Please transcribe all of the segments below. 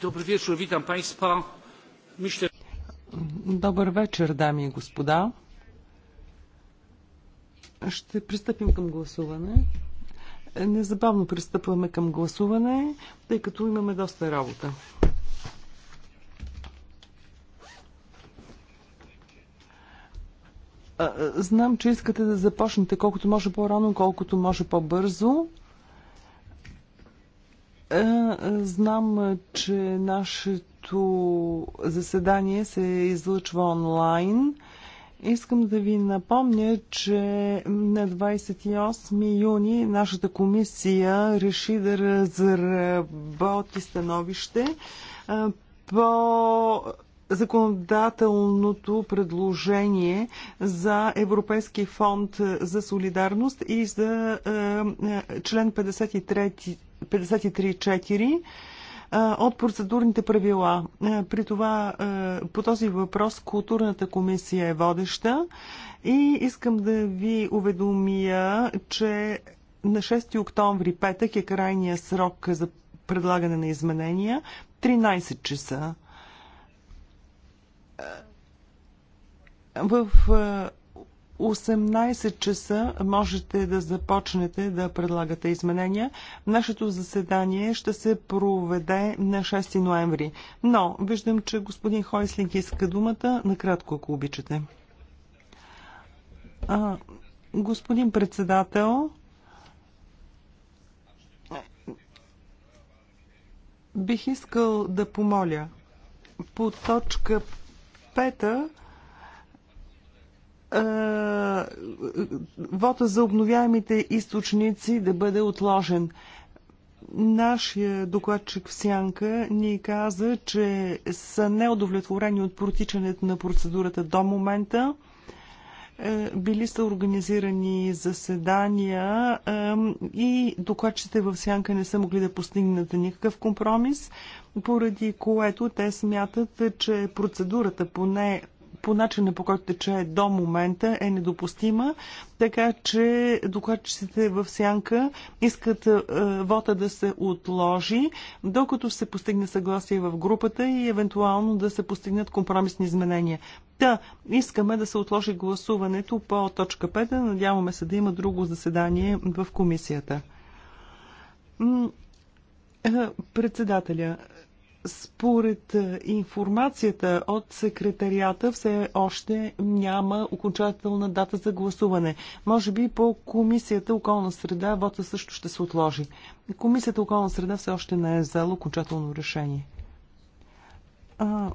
Добър вечер, Добър вечер, дами и господа. Ще пристъпим към гласуване. Незабавно пристъпваме към гласуване, тъй като имаме доста работа. Знам, че искате да започнете колкото може по-рано, колкото може по-бързо. Е, знам, че нашето заседание се излъчва онлайн. Искам да ви напомня, че на 28 юни нашата комисия реши да разработи становище е, по законодателното предложение за Европейски фонд за солидарност и за е, член 53 53.4 от процедурните правила. При това по този въпрос културната комисия е водеща и искам да ви уведомя, че на 6 октомври петък е крайния срок за предлагане на изменения. 13 часа. В 18 часа можете да започнете да предлагате изменения. Нашето заседание ще се проведе на 6 ноември. Но виждам, че господин Хойслинг иска думата. Накратко, ако обичате. А, господин председател, бих искал да помоля по точка е, вота за обновяемите източници да бъде отложен. Нашия докладчик в Сянка ни каза, че са неудовлетворени от протичането на процедурата до момента. Е, били са организирани заседания е, и докладчите в Сянка не са могли да постигнат никакъв компромис, поради което те смятат, че процедурата поне по начина по който тече до момента е недопустима, така че докладчиците в сянка искат е, вота да се отложи, докато се постигне съгласие в групата и евентуално да се постигнат компромисни изменения. Та, да, искаме да се отложи гласуването по точка 5. Надяваме се да има друго заседание в комисията. Е, председателя, според информацията от секретарията все още няма окончателна дата за гласуване. Може би по Комисията околна среда вота също ще се отложи. Комисията околна среда все още не е взела окончателно решение. А,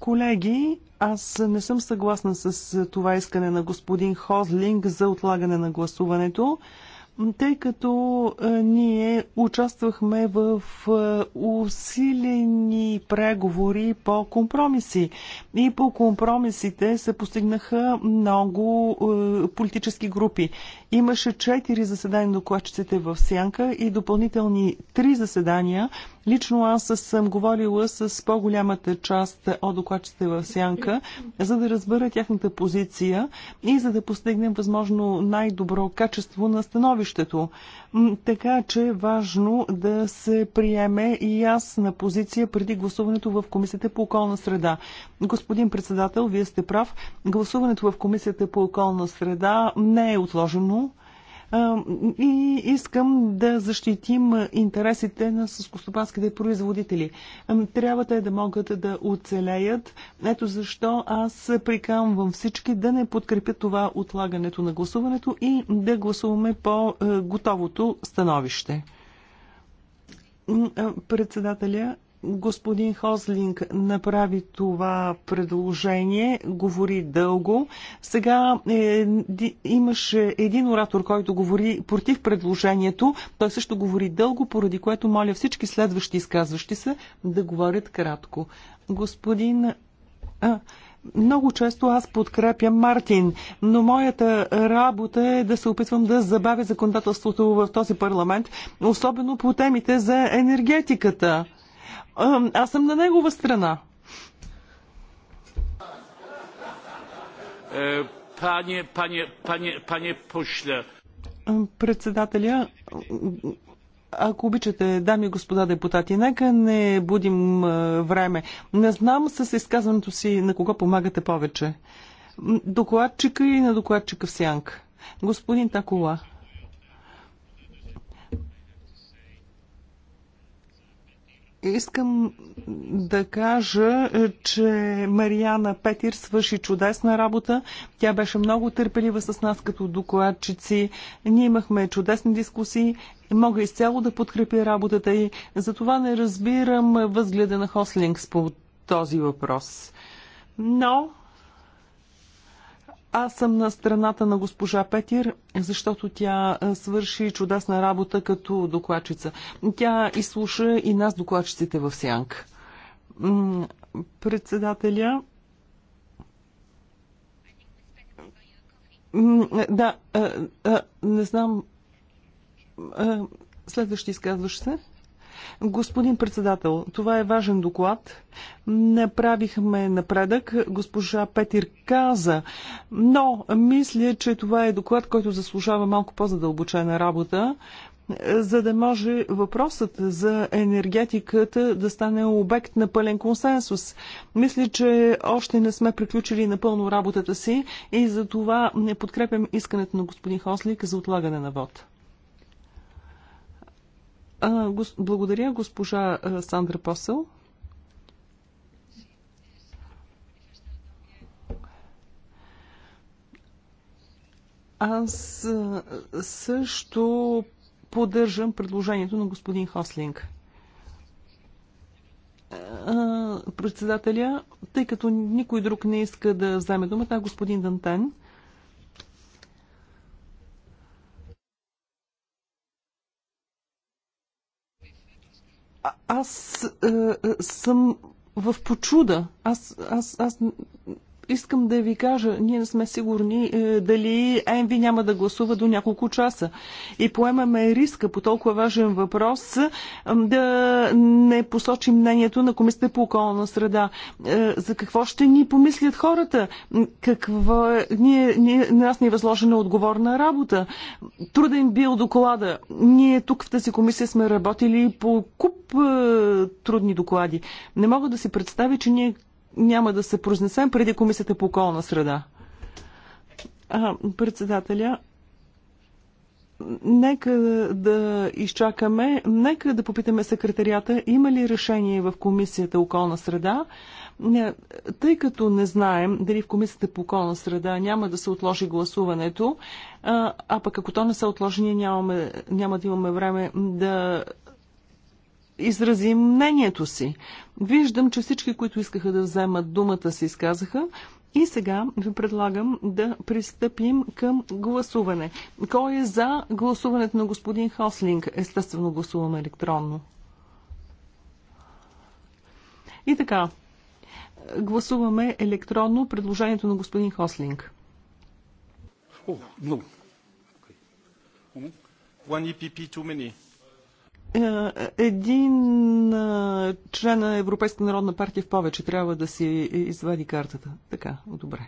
Колеги, аз не съм съгласна с това искане на господин Хозлинг за отлагане на гласуването тъй като е, ние участвахме в е, усилени преговори по компромиси. И по компромисите се постигнаха много е, политически групи. Имаше четири заседания на докладчиците в Сянка и допълнителни три заседания. Лично аз съм говорила с по-голямата част от докладчиците в Сянка, за да разбера тяхната позиция и за да постигнем възможно най-добро качество на становището. Така че е важно да се приеме и ясна позиция преди гласуването в Комисията по околна среда. Господин председател, вие сте прав. Гласуването в Комисията по околна среда не е отложено и искам да защитим интересите на съскостопанските производители. Трябва те да могат да оцелеят. Ето защо аз приканвам всички да не подкрепят това отлагането на гласуването и да гласуваме по е, готовото становище. Председателя господин Хозлинг направи това предложение, говори дълго. Сега е, имаше един оратор, който говори против предложението. Той също говори дълго, поради което моля всички следващи изказващи се да говорят кратко. Господин. А, много често аз подкрепям Мартин, но моята работа е да се опитвам да забавя законодателството в този парламент, особено по темите за енергетиката. Аз съм на негова страна. Е, пане, пане, пане, пане пошле. Председателя, ако обичате, дами и господа депутати, нека не будим време. Не знам с изказването си на кого помагате повече. Докладчика и на докладчика в сянка. Господин Такола. Искам да кажа, че Марияна Петир свърши чудесна работа. Тя беше много търпелива с нас като докладчици. Ние имахме чудесни дискусии. Мога изцяло да подкрепя работата и затова не разбирам възгледа на Хослингс по този въпрос. Но аз съм на страната на госпожа Петир, защото тя свърши чудесна работа като докладчица. Тя изслуша и нас докладчиците в сянка. Председателя. Да, не знам. Следващи изказваш се. Господин председател, това е важен доклад. Направихме напредък. Госпожа Петир каза, но мисля, че това е доклад, който заслужава малко по-задълбочена работа за да може въпросът за енергетиката да стане обект на пълен консенсус. Мисля, че още не сме приключили напълно работата си и за това не подкрепям искането на господин Хослик за отлагане на вод. Гос... Благодаря, госпожа Сандра Посел. Аз също поддържам предложението на господин Хослинг. Председателя, тъй като никой друг не иска да вземе думата, господин Дантен, аз е, е, съм в почуда. Аз, аз, аз искам да ви кажа, ние не сме сигурни е, дали ЕМВИ няма да гласува до няколко часа. И поемаме риска по толкова важен въпрос е, да не посочи мнението на Комисията по околна среда. Е, за какво ще ни помислят хората? Какво е... ние, ние, нас ни е възложена отговорна работа. Труден бил доклада. Ние тук в тази комисия сме работили по куп е, трудни доклади. Не мога да си представя, че ние няма да се произнесем преди Комисията по околна среда. А, председателя, нека да изчакаме, нека да попитаме секретарията, има ли решение в Комисията околна среда, не, тъй като не знаем дали в Комисията по околна среда няма да се отложи гласуването, а, а пък ако то не се отложи, ние нямаме, няма да имаме време да изрази мнението си. Виждам, че всички, които искаха да вземат думата, се изказаха. И сега ви предлагам да пристъпим към гласуване. Кой е за гласуването на господин Хослинг? Естествено гласуваме електронно. И така, гласуваме електронно предложението на господин Хослинг. О, много. One EPP too many. Е, един е, член на Европейска народна партия в повече трябва да си извади картата. Така, добре.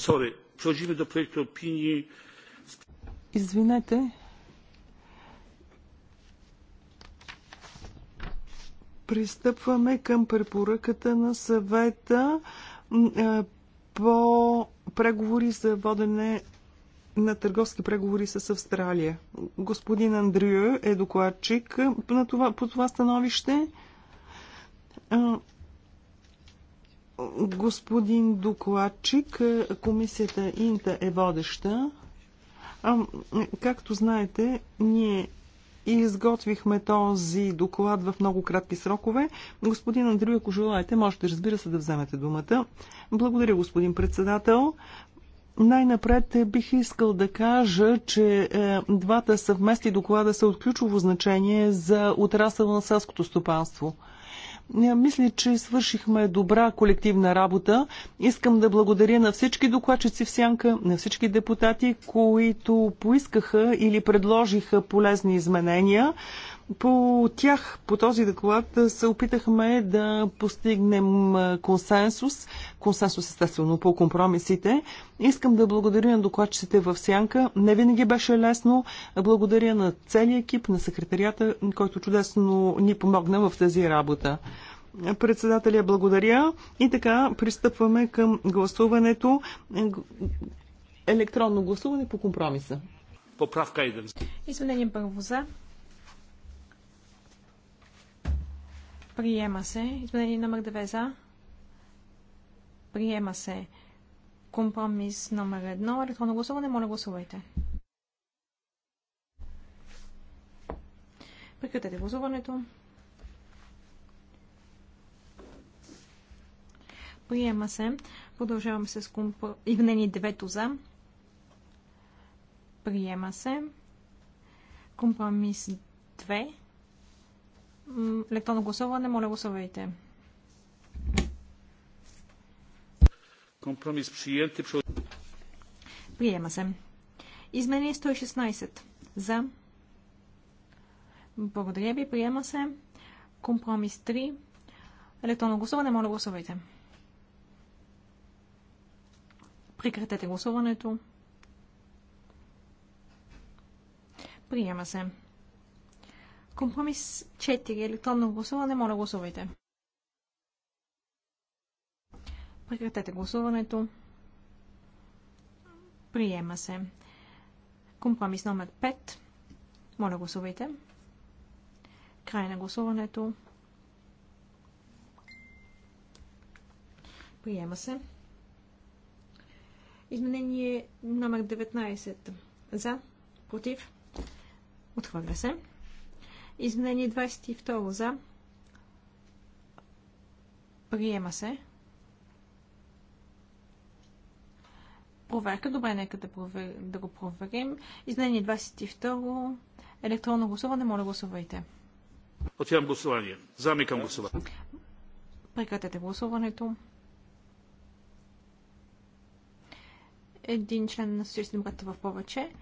Sorry, przechodzimy do projektu opinii. Извинете. Пристъпваме към препоръката на съвета е, по преговори за водене на търговски преговори с Австралия. Господин Андрю е докладчик на това, по това становище. Е, господин докладчик. Комисията Инта е водеща. Както знаете, ние изготвихме този доклад в много кратки срокове. Господин Андрю, ако желаете, можете, разбира се, да вземете думата. Благодаря, господин председател. Най-напред бих искал да кажа, че е, двата съвместни доклада са от ключово значение за отрасъл на селското стопанство. Мисля, че свършихме добра колективна работа. Искам да благодаря на всички докладчици в сянка, на всички депутати, които поискаха или предложиха полезни изменения. По тях, по този доклад, се опитахме да постигнем консенсус. Консенсус, естествено, по компромисите. Искам да благодаря на докладчиците в Сянка. Не винаги беше лесно. Благодаря на целия екип, на секретарията, който чудесно ни помогна в тази работа. Председателя, благодаря. И така, пристъпваме към гласуването. Електронно гласуване по компромиса. Поправка 1. Извинение първо за Приема се. Изменение номер 2 за. Приема се. Компромис номер 1. Електронно гласуване. Моля, гласувайте. Прекратете гласуването. Приема се. Продължаваме с компромис. изменение 9 за. Приема се. Компромис 2 електронно гласуване. Моля, гласувайте. Компромис приемте. Приема се. Изменение 116. За. Благодаря ви. Приема се. Компромис 3. Електронно гласуване. Моля, гласувайте. Прекратете гласуването. Приема се. Компромис 4. Електронно гласуване. Моля, гласувайте. Прекратете гласуването. Приема се. Компромис номер 5. Моля, гласувайте. Край на гласуването. Приема се. Изменение номер 19. За. Против. Отхвърля се. Изменение 22 за. Приема се. Проверка. Добре, нека да, провер... да го проверим. Изменение 22. Електронно гласуване. Моля, гласувайте. Отивам гласуване. Замикам гласуване. Прекратете гласуването. Един член на социалистите в повече.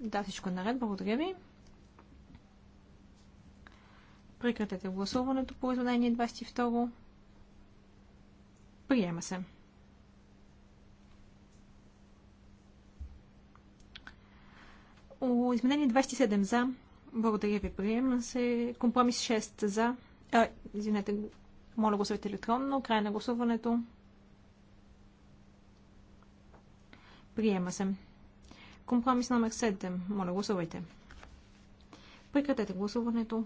Да, всичко е наред. Благодаря ви. Прекратете гласуването по изменение 22. Приема се. О, изменение 27 за. Благодаря ви. Приема се. Компромис 6 за. А, извинете, моля гласувайте електронно. Край на гласуването. Приема се. Компромис номер 7. Моля гласувайте. Прекратете гласуването.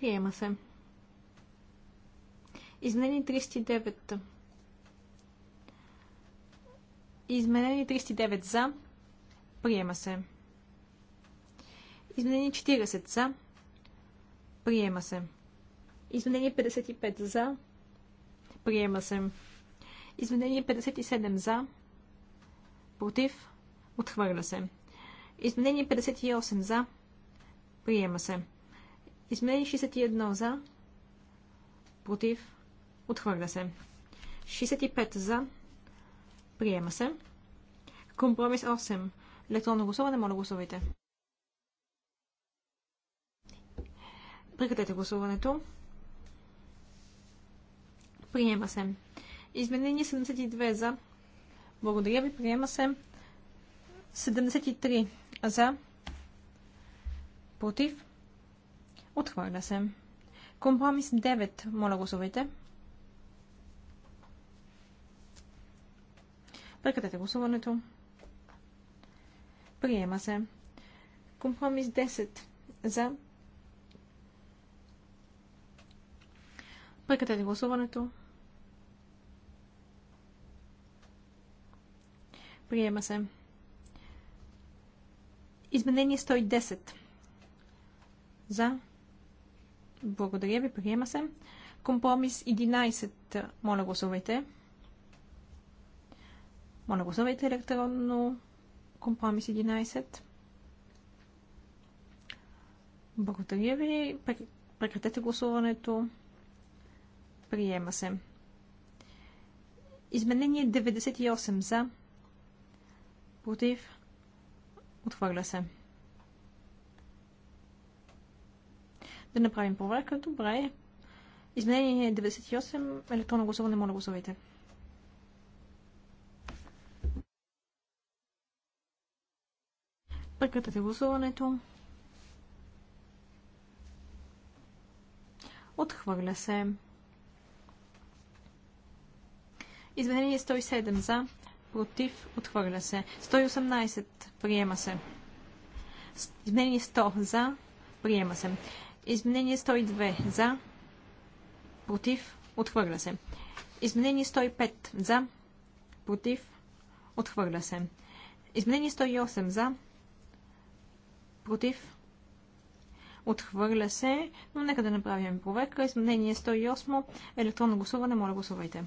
Приема се. Изменени 39. Изменени 39 за. Приема се. Изменени 40 за. Приема се. Изменени 55 за. Приема се. Изменение 57 за. Против. Отхвърля се. Изменение 58 за. Приема се. Измени 61 за. Против. Отхвърля се. 65 за. Приема се. Компромис 8. Електронно гласуване. Моля гласувайте. Прекратете гласуването. Приема се. Изменение 72 за. Благодаря ви. Приема се. 73 за. Против. Отхвърля се. Компромис 9. Моля гласувайте. Прекратете гласуването. Приема се. Компромис 10. За. Прекратете гласуването. Приема се. Изменение 110. За. Благодаря ви, приема се. Компромис 11. Моля, гласувайте. Моля, гласувайте електронно. Компромис 11. Благодаря ви. Прекратете гласуването. Приема се. Изменение 98 за. Против. Отхвърля се. Да направим проверка. Добре. Изменение 98. Електронно гласуване. Моля гласувайте. Прекратете гласуването. Отхвърля се. Изменение 107 за, против, отхвърля се. 118 приема се. Изменение 100 за, приема се. Изменение 102 за. Против. Отхвърля се. Изменение 105 за. Против. Отхвърля се. Изменение 108 за. Против. Отхвърля се, но нека да направим проверка. Изменение 108. Електронно гласуване. Моля гласувайте.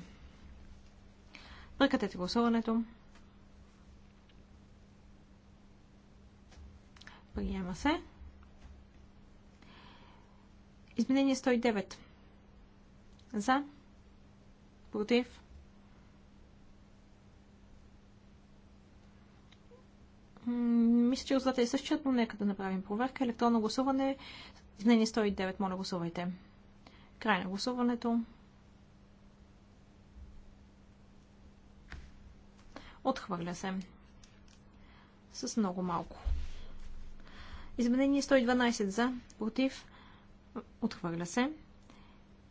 Прекратете гласуването. Приема се. Изменение 109. За. Против. Мисля, че резултатът е същият, но нека да направим проверка. Електронно гласуване. Изменение 109. Моля, гласувайте. Край на гласуването. Отхвърля се. С много малко. Изменение 112 за, против, Отхвърля се.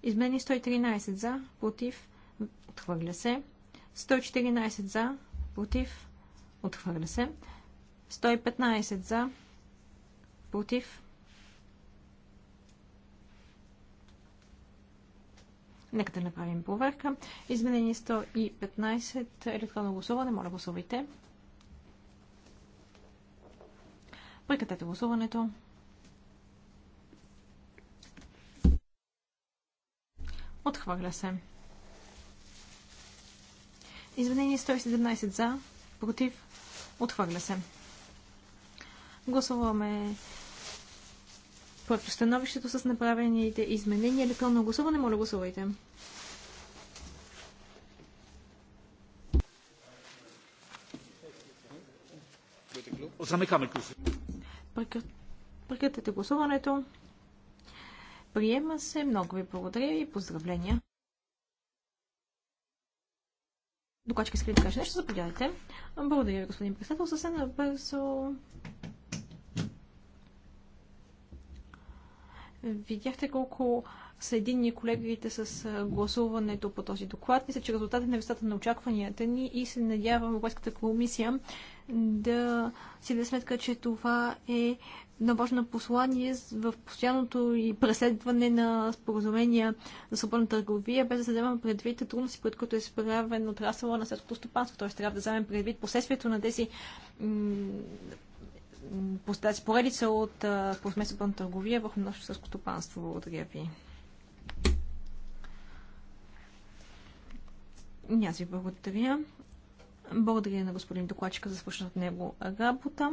Измени 113 за, против, отхвърля се. 114 за, против, отхвърля се. 115 за, против. Нека да направим проверка. Изменение 115, електронно гласуване, моля гласувайте. Прекратете гласуването. Отхвърля се. Изменение 117 за, против, отхвърля се. Гласуваме становището с направените изменения. Електронно гласуване, моля гласувайте. Прекратете гласуването. Приема се. Много ви благодаря и поздравления. Докладчик иска да каже нещо, заповядайте. Благодаря ви, господин председател. Съвсем набързо. Видяхте колко са единни колегите с гласуването по този доклад. Мисля, че резултатът е на висотата на очакванията ни и се надявам Европейската комисия да си даде сметка, че това е едно важно послание в постоянното и преследване на споразумения за свободна търговия, без да се вземем предвид трудности, пред които е справен отрасъла на селското стопанство. Тоест трябва да вземем предвид последствието на тези тази поредица от посмесъпна търговия върху нашето селско стопанство. Благодаря ви. И аз ви благодаря. Благодаря на господин докладчика за свършената него работа.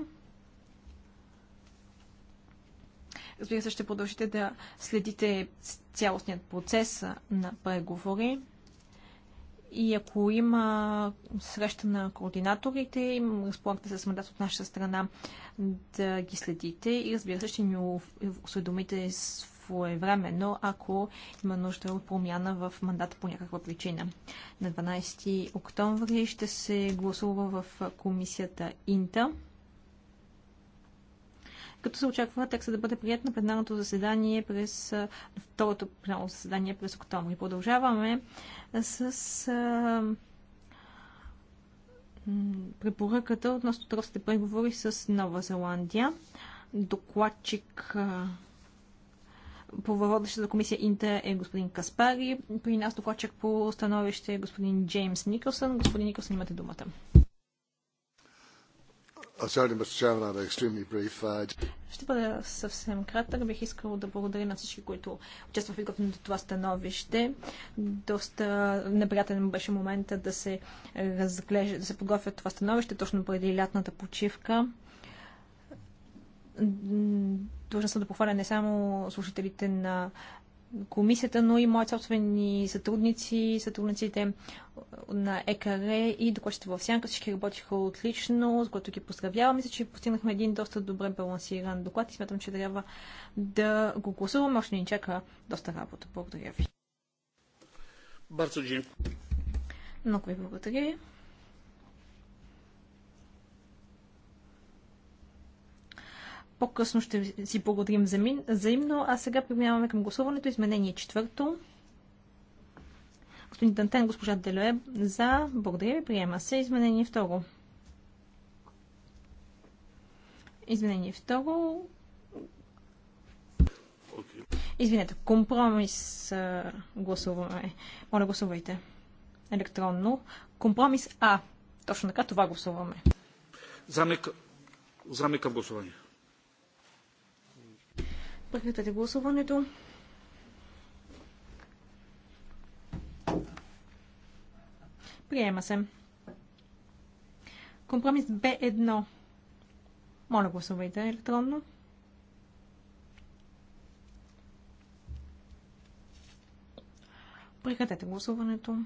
Разбира се, ще продължите да следите цялостният процес на преговори. И ако има среща на координаторите, им разполагате с мандат от наша страна да ги следите и разбира се, ще ни осведомите своевременно, ако има нужда от промяна в мандата по някаква причина. На 12 октомври ще се гласува в комисията Инта като се очаква текста да бъде прият на пленарното заседание през второто пленарно заседание през октомври. Продължаваме с а, препоръката относно тростите преговори с Нова Зеландия. Докладчик а, по въводещата комисия Инта е господин Каспари. При нас докладчик по становище е господин Джеймс Никълсън. Господин Никълсън, имате думата. Ще бъда съвсем кратък. Бих искал да благодаря на всички, които участваха в изготвянето това становище. Доста неприятен беше момента да се разглежда, да се подготвя това становище точно преди лятната почивка. Длъжна съм да похваля не само слушателите на комисията, но и мои собствени сътрудници, сътрудниците на ЕКР и докладчета в Сянка. Всички работиха отлично, с което ги поздравявам. Мисля, че постигнахме един доста добре балансиран доклад и смятам, че трябва да го гласуваме. Още ни чака доста работа. Благодаря ви. Много ви благодаря. По-късно ще си благодарим взаимно, а сега преминаваме към гласуването. Изменение четвърто. Господин Дантен, госпожа Деле, за. Благодаря ви, приема се. Изменение второ. Изменение второ. Извинете, компромис гласуваме. Моля, гласувайте. Електронно. Компромис А. Точно така, това гласуваме. Замека, замека гласуване. Прекратете гласуването. Приема се. Компромис Б1. Моля, гласувайте електронно. Прекратете гласуването.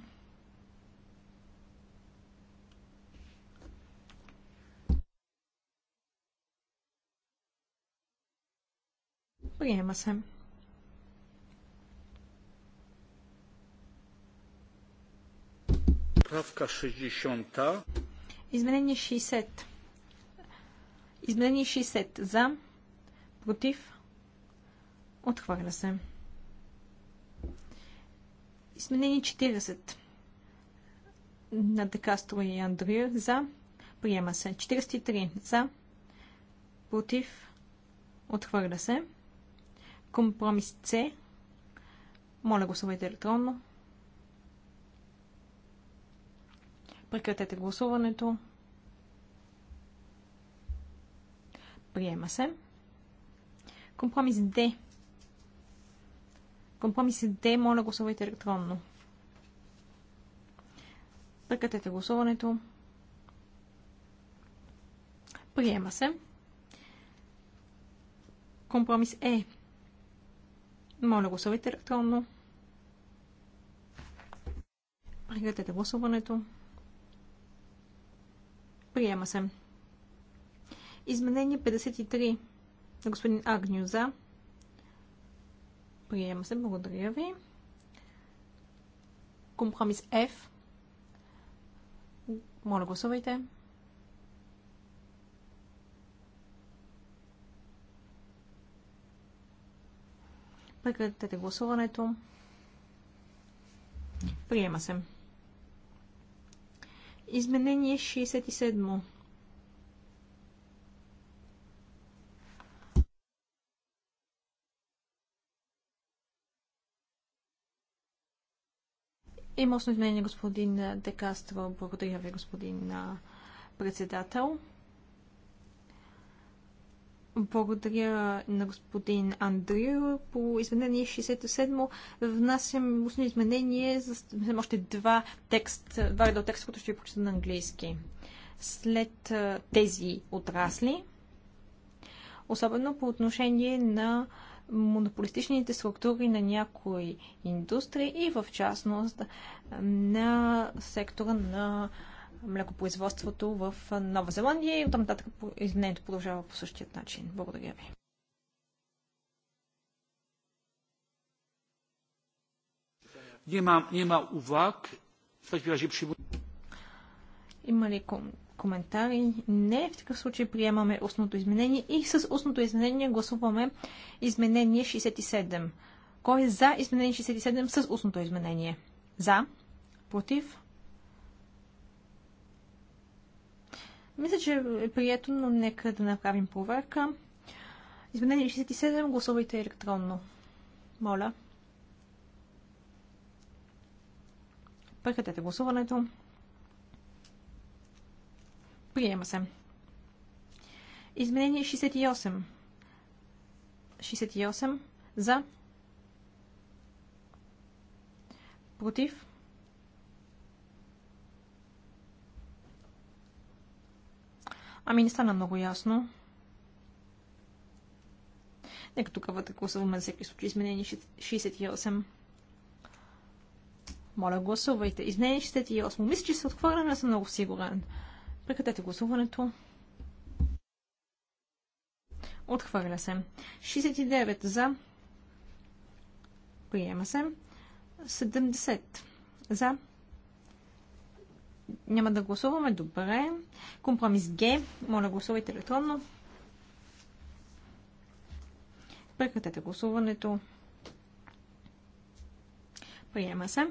Приема се. Правка 60. Изменение 60. Изменение 60. За. Против. Отхвърля се. Изменение 40. На Декастро и Андрия. За. Приема се. 43. За. Против. Отхвърля се. Компромис С. Моля, гласувайте електронно. Прекратете гласуването. Приема се. Компромис Д. Компромис Д, моля гласувайте електронно. Прекратете гласуването. Приема се. Компромис Е. E. Моля, гласувайте електронно. Прекратете гласуването. Приема се. Изменение 53 на господин Агню за. Приема се. Благодаря ви. Компромис F. Моля, гласувайте. Прекратете гласуването. Приема се. Изменение 67. Има основно изменение господин Декастро. Благодаря ви, господин председател. Благодаря на господин Андрио. По изменение 67 внасям устно изменение за още два текст, два реда текста, които ще ви прочета на английски. След тези отрасли, особено по отношение на монополистичните структури на някои индустрии и в частност на сектора на млекопроизводството в Нова Зеландия и оттам нататък изменението продължава по същия начин. Благодаря ви. Има, има увак. Има ли ком- коментари? Не. В такъв случай приемаме устното изменение и с устното изменение гласуваме изменение 67. Кой е за изменение 67 с устното изменение? За. Против. Мисля, че е прието, но нека да направим проверка. Изменение 67, гласувайте електронно. Моля. Прекратете гласуването. Приема се. Изменение 68. 68 за. Против. Ами не стана много ясно. Нека тук вътре гласуваме за всеки случай изменение 68. Моля, гласувайте. Изменение 68. Мисля, че се отхвърля, не съм много сигурен. Прекратете гласуването. Отхвърля се. 69 за. Приема се. 70 за. Няма да гласуваме. Добре. Компромис Г. Моля, гласувайте електронно. Прекратете гласуването. Приема се.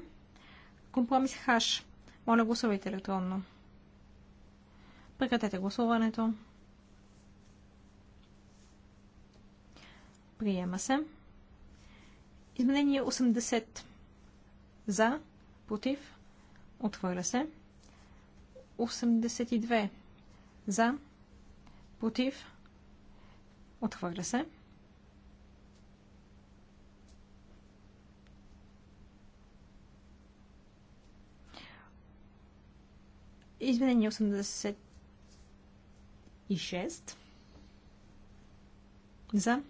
Компромис Х. Моля, гласувайте електронно. Прекратете гласуването. Приема се. Изменение 80. За. Против. Отвърля се. 82. За. Против. Отхвърля се. Изменение 86. За.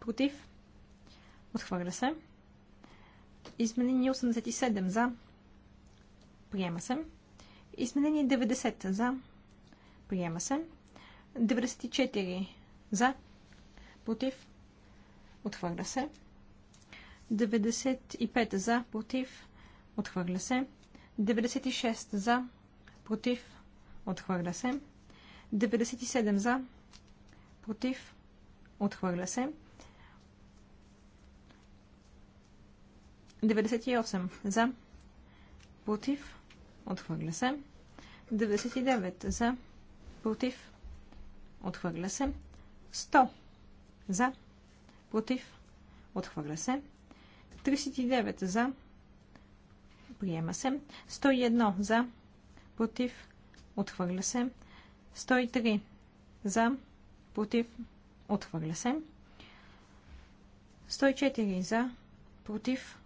Против. Отхвърля се. Изменение 87. За. Приема се. Изменение 90 за. Приема се. 94 за. Против. Отхвърля се. 95 за. Против. Отхвърля се. 96 за. Против. Отхвърля се. 97 за. Против. Отхвърля се. 98 за. Против. Отхвърля се. 99 за. Против. Отхвърля се. 100 за. Против. Отхвърля се. 39 за. Приема се. 101 за. Против. Отхвърля се. 103 за. Против. Отхвърля се. 104 за. Против.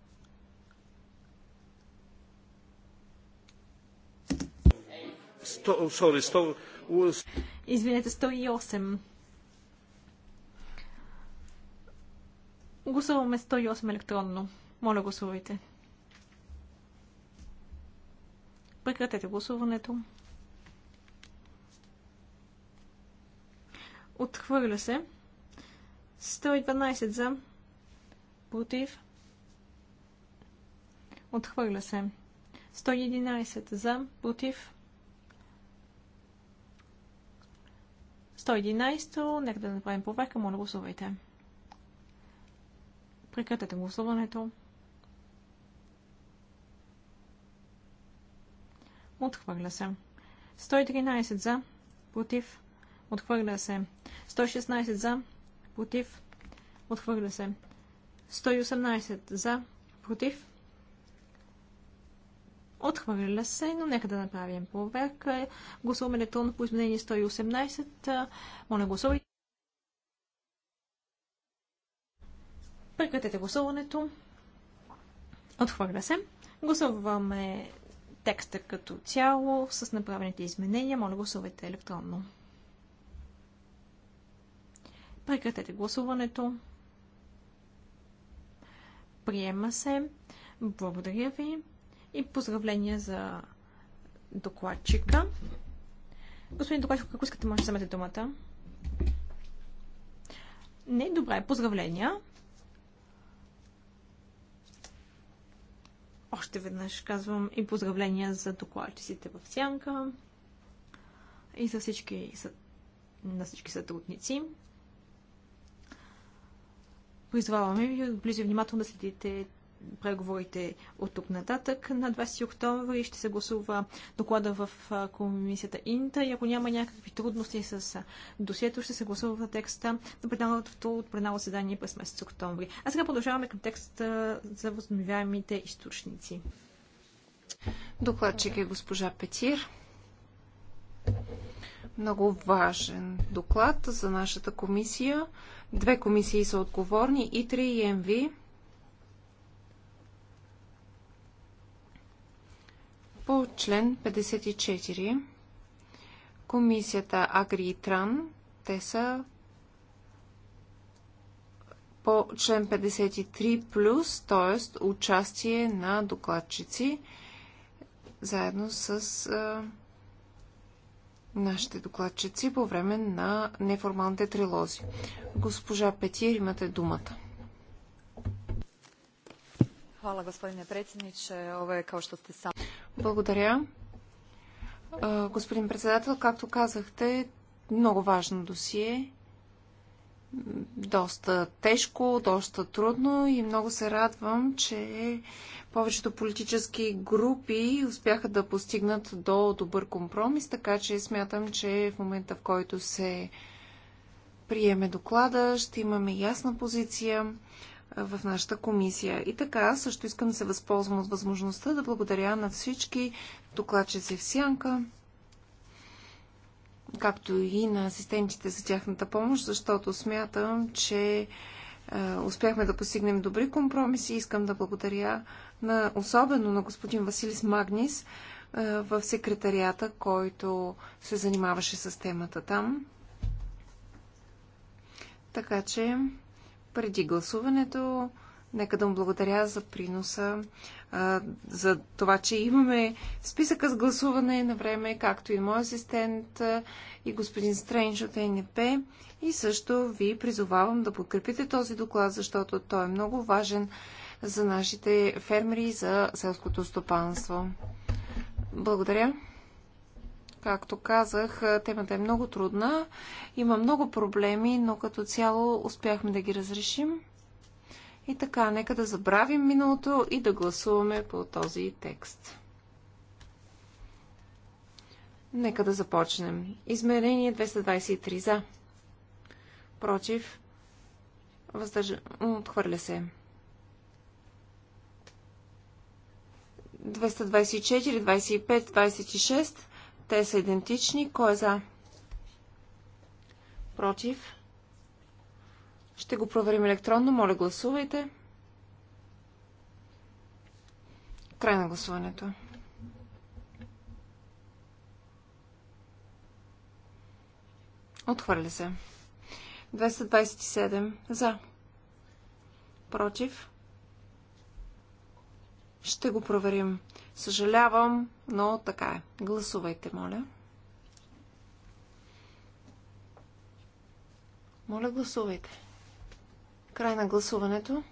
100, sorry, 100... Извинете, 108. Гласуваме 108 електронно. Моля, гласувайте. Прекратете гласуването. Отхвърля се. 112 за. Против. Отхвърля се. 111 за. Против. 111. Нека да направим проверка. Моля, гласувайте. Прекратете гласуването. Отхвърля се. 113 за. Против. Отхвърля се. 116 за. Против. Отхвърля се. 118 за. Против. Отхвърля се, но нека да направим проверка. Гласуваме електронно по изменение 118. Моля, гласувайте. Прекратете гласуването. Отхвърля се. Гласуваме текста като цяло с направените изменения. Моля, гласувайте електронно. Прекратете гласуването. Приема се. Благодаря ви и поздравления за докладчика. Господин докладчик, ако искате, може да вземете думата. Не, добре, поздравления. Още веднъж казвам и поздравления за докладчиците в Сянка и за всички, на всички сътрудници. Призваваме ви близо внимателно да следите преговорите от тук нататък. На 20 октомври ще се гласува доклада в комисията Инта и ако няма някакви трудности с досието, ще се гласува текста на пленарното от пленарно седание през месец октомври. А сега продължаваме към текста за възобновяемите източници. Докладчик е госпожа Петир. Много важен доклад за нашата комисия. Две комисии са отговорни, ИТРИ и МВИ. По член 54 комисията Агри и Тран, те са по член 53 плюс, т.е. участие на докладчици заедно с а, нашите докладчици по време на неформалните трилози. Госпожа Петир, имате думата. Hvala gospodine predsjedniče. Ovo е kao što сте сам... Благодаря. Господин председател, както казахте, много важно досие. Доста тежко, доста трудно и много се радвам, че повечето политически групи успяха да постигнат до добър компромис, така че смятам, че в момента в който се приеме доклада, ще имаме ясна позиция в нашата комисия. И така, също искам да се възползвам от възможността да благодаря на всички докладчици в Сянка, както и на асистентите за тяхната помощ, защото смятам, че е, успяхме да постигнем добри компромиси. Искам да благодаря на, особено на господин Василис Магнис е, в секретарията, който се занимаваше с темата там. Така че преди гласуването. Нека да му благодаря за приноса, за това, че имаме списъка с гласуване на време, както и мой асистент и господин Стрендж от НП. И също ви призовавам да подкрепите този доклад, защото той е много важен за нашите фермери и за селското стопанство. Благодаря. Както казах, темата е много трудна. Има много проблеми, но като цяло успяхме да ги разрешим. И така, нека да забравим миналото и да гласуваме по този текст. Нека да започнем. Измерение 223 за. Против. Въздържа... Отхвърля се. 224, 25, 26 те са идентични. Кой е за? Против. Ще го проверим електронно. Моля, гласувайте. Край на гласуването. Отхвърля се. 227 за. Против. Ще го проверим. Съжалявам, но така е. Гласувайте, моля. Моля, гласувайте. Край на гласуването.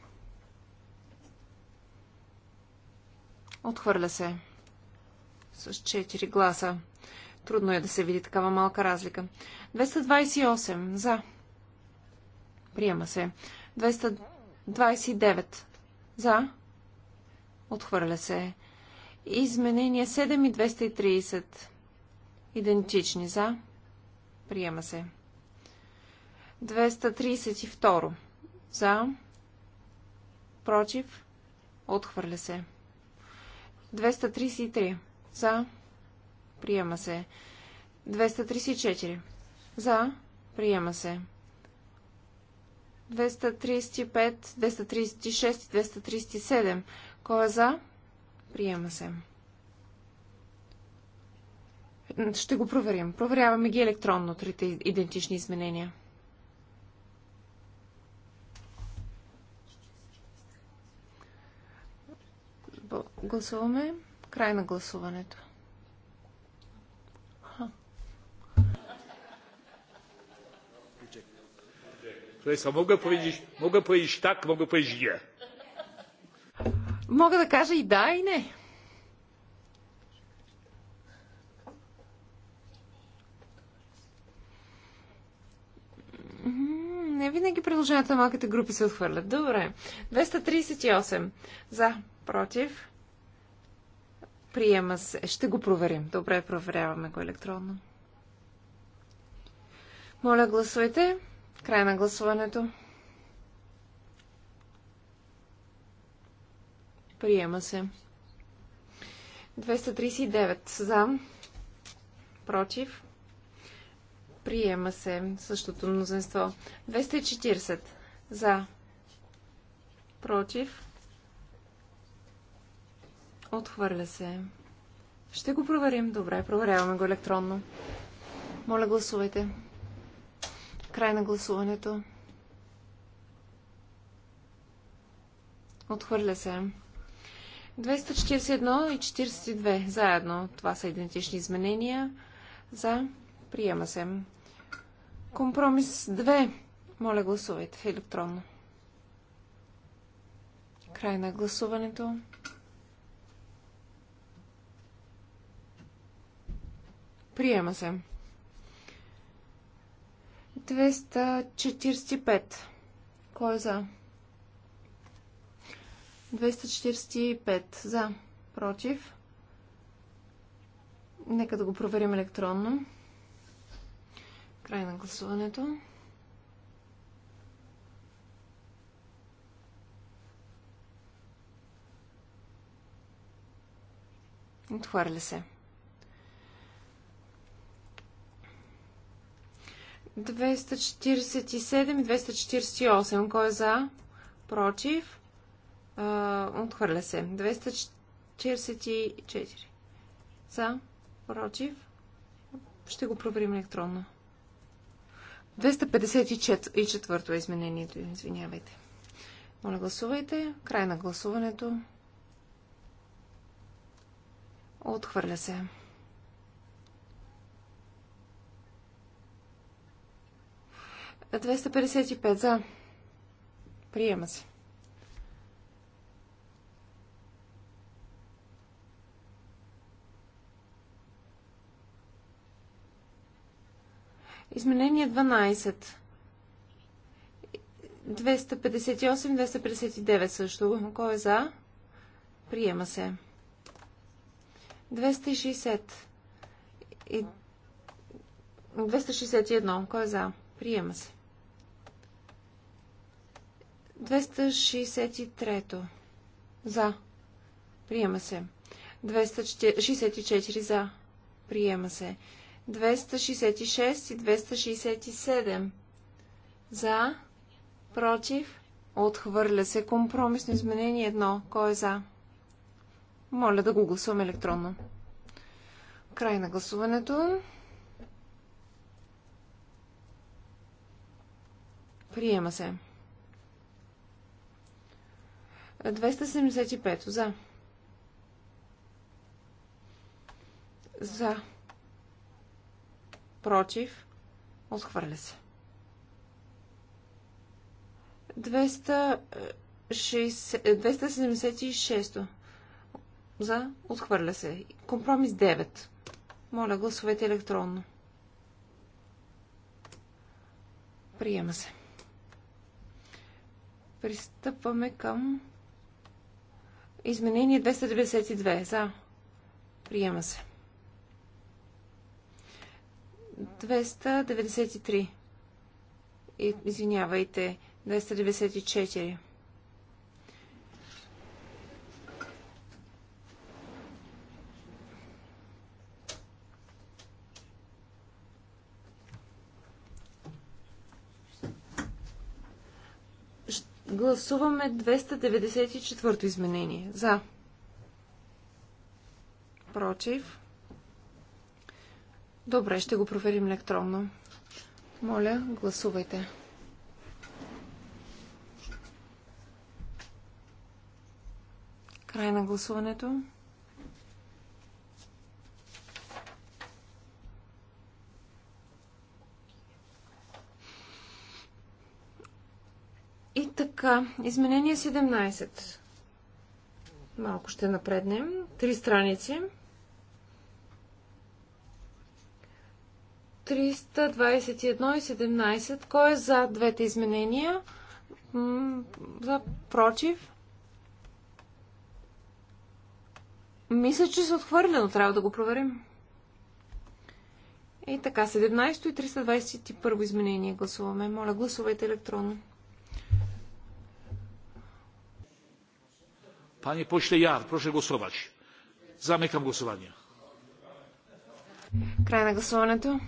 Отхвърля се. С 4 гласа. Трудно е да се види такава малка разлика. 228 за. Приема се. 229 за. Отхвърля се. Изменения 7 и 230. Идентични за. Приема се. 232. За. Против. Отхвърля се. 233. За. Приема се. 234. За. Приема се. 235, 236, 237 кой е за? Приема се. Ще го проверим. Проверяваме ги електронно, трите идентични изменения. Гласуваме. Край на гласуването. Мога powiedzieć, так, мога tak, mogę Мога да кажа и да, и не. Не винаги предложенията на малките групи се отхвърлят. Добре. 238. За. Против. Приема се. Ще го проверим. Добре, проверяваме го електронно. Моля, гласуйте. Край на гласуването. Приема се. 239 за. Против. Приема се същото мнозинство. 240 за. Против. Отхвърля се. Ще го проверим. Добре, проверяваме го електронно. Моля, гласувайте. Край на гласуването. Отхвърля се. 241 и 42 заедно. Това са идентични изменения. За. Приема се. Компромис 2. Моля, гласувайте електронно. Край на гласуването. Приема се. 245. Кой е за? 245 за, против. Нека да го проверим електронно. Край на гласуването. Отхвърля се. 247 и 248. Кой е за? Против? отхвърля се. 244. За. Против. Ще го проверим електронно. 254 е изменението. Извинявайте. Моля, гласувайте. Край на гласуването. Отхвърля се. Двеста за. Приема се. Изменение 12. 258-259 също. Кой е за? Приема се. 260. И... 261. Кой е за? Приема се. 263. За. Приема се. 264 за. Приема се. 266 и 267. За, против, отхвърля се. Компромисно изменение 1. Кой е за? Моля да го гласуваме електронно. Край на гласуването. Приема се. 275 за. За против, отхвърля се. 276 е, е, за, отхвърля се. Компромис 9. Моля, гласовете електронно. Приема се. Пристъпваме към изменение 292. За. Приема се. 293. Извинявайте, 294. Гласуваме 294 изменение. За. Против. Добре, ще го проверим електронно. Моля, гласувайте. Край на гласуването. И така, изменение 17. Малко ще напреднем. Три страници. 321 и 17. Кой е за двете изменения? За против? Мисля, че се отхвърля, но трябва да го проверим. И така, 17 и 321 изменение гласуваме. Моля, гласувайте електронно. Пани, pośle Jar, proszę гласувач. Замекам głosowanie. Край на гласуването.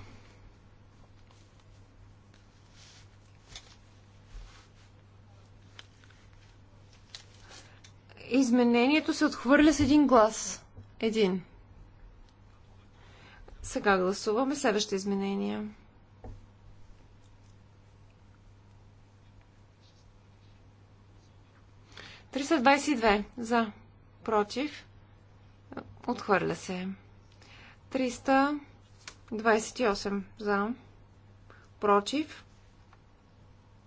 Изменението се отхвърля с един глас. Един. Сега гласуваме следващите изменения. за. Против. Отхвърля се. 328 за. Против.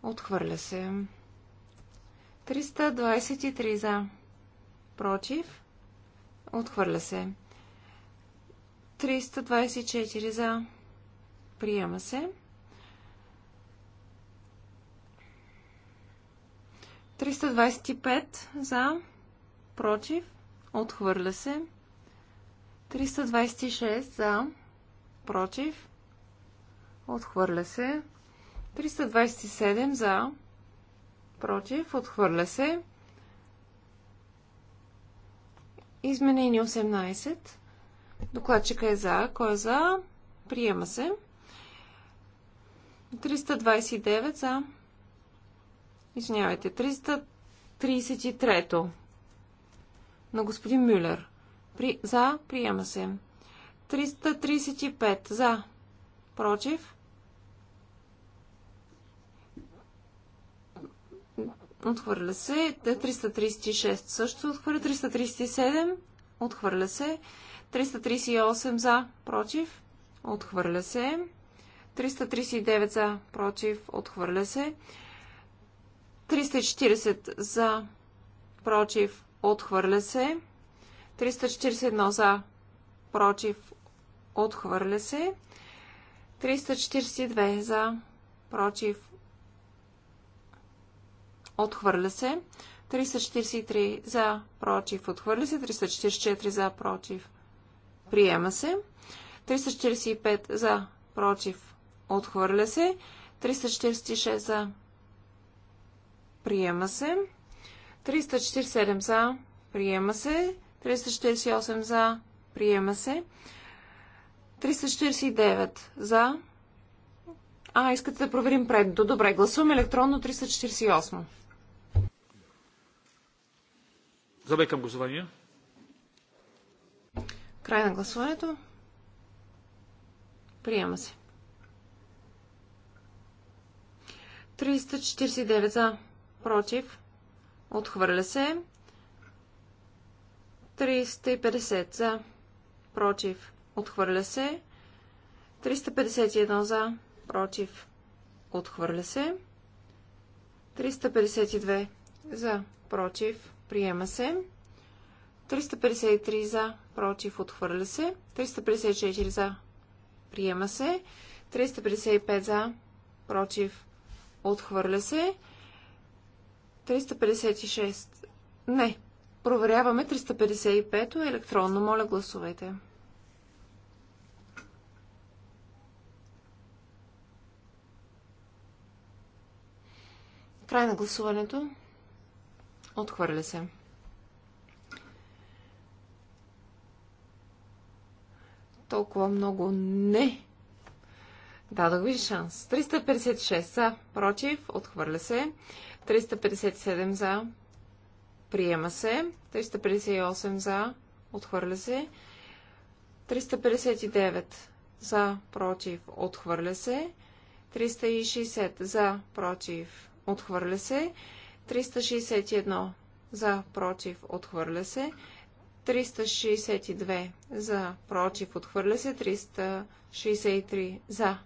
Отхвърля се. 323 за против, отхвърля се. 324 за, приема се. 325 за, против, отхвърля се. 326 за, против, отхвърля се. 327 за, против, отхвърля се. Изменение 18. Докладчика е за. Кой е за? Приема се. 329 за. Извинявайте, 333 на господин Мюлер. При... За. Приема се. 335 за. Против. Отхвърля се. 336 също отхвърля. 337. Отхвърля се. 338 за. Против. Отхвърля се. 339 за. Против. Отхвърля се. 340 за. Против. Отхвърля се. 341 за. Против. Отхвърля се. 342 за. Против. Отхвърля се. 343 за, против. Отхвърля се. 344 за, против. Приема се. 345 за, против. Отхвърля се. 346 за. Приема се. 347 за. Приема се. 348 за. Приема се. 349 за. А, искате да проверим пред. Добре, гласуваме електронно 348. Замекам гласование. Край на гласуването. Приема се. 349 за. Против. Отхвърля се. 350 за. Против. Отхвърля се. 351 за. Против. Отхвърля се. 352 за. Против. Приема се. 353 за, против, отхвърля се. 354 за, приема се. 355 за, против, отхвърля се. 356. Не. Проверяваме 355-то електронно. Моля, гласувайте. Край на гласуването. Отхвърля се. Толкова много не. Дадох ви шанс. 356 за, против, отхвърля се. 357 за, приема се. 358 за, отхвърля се. 359 за, против, отхвърля се. 360 за, против, отхвърля се. 361 за против отхвърля се. 362 за против отхвърля се. 363 за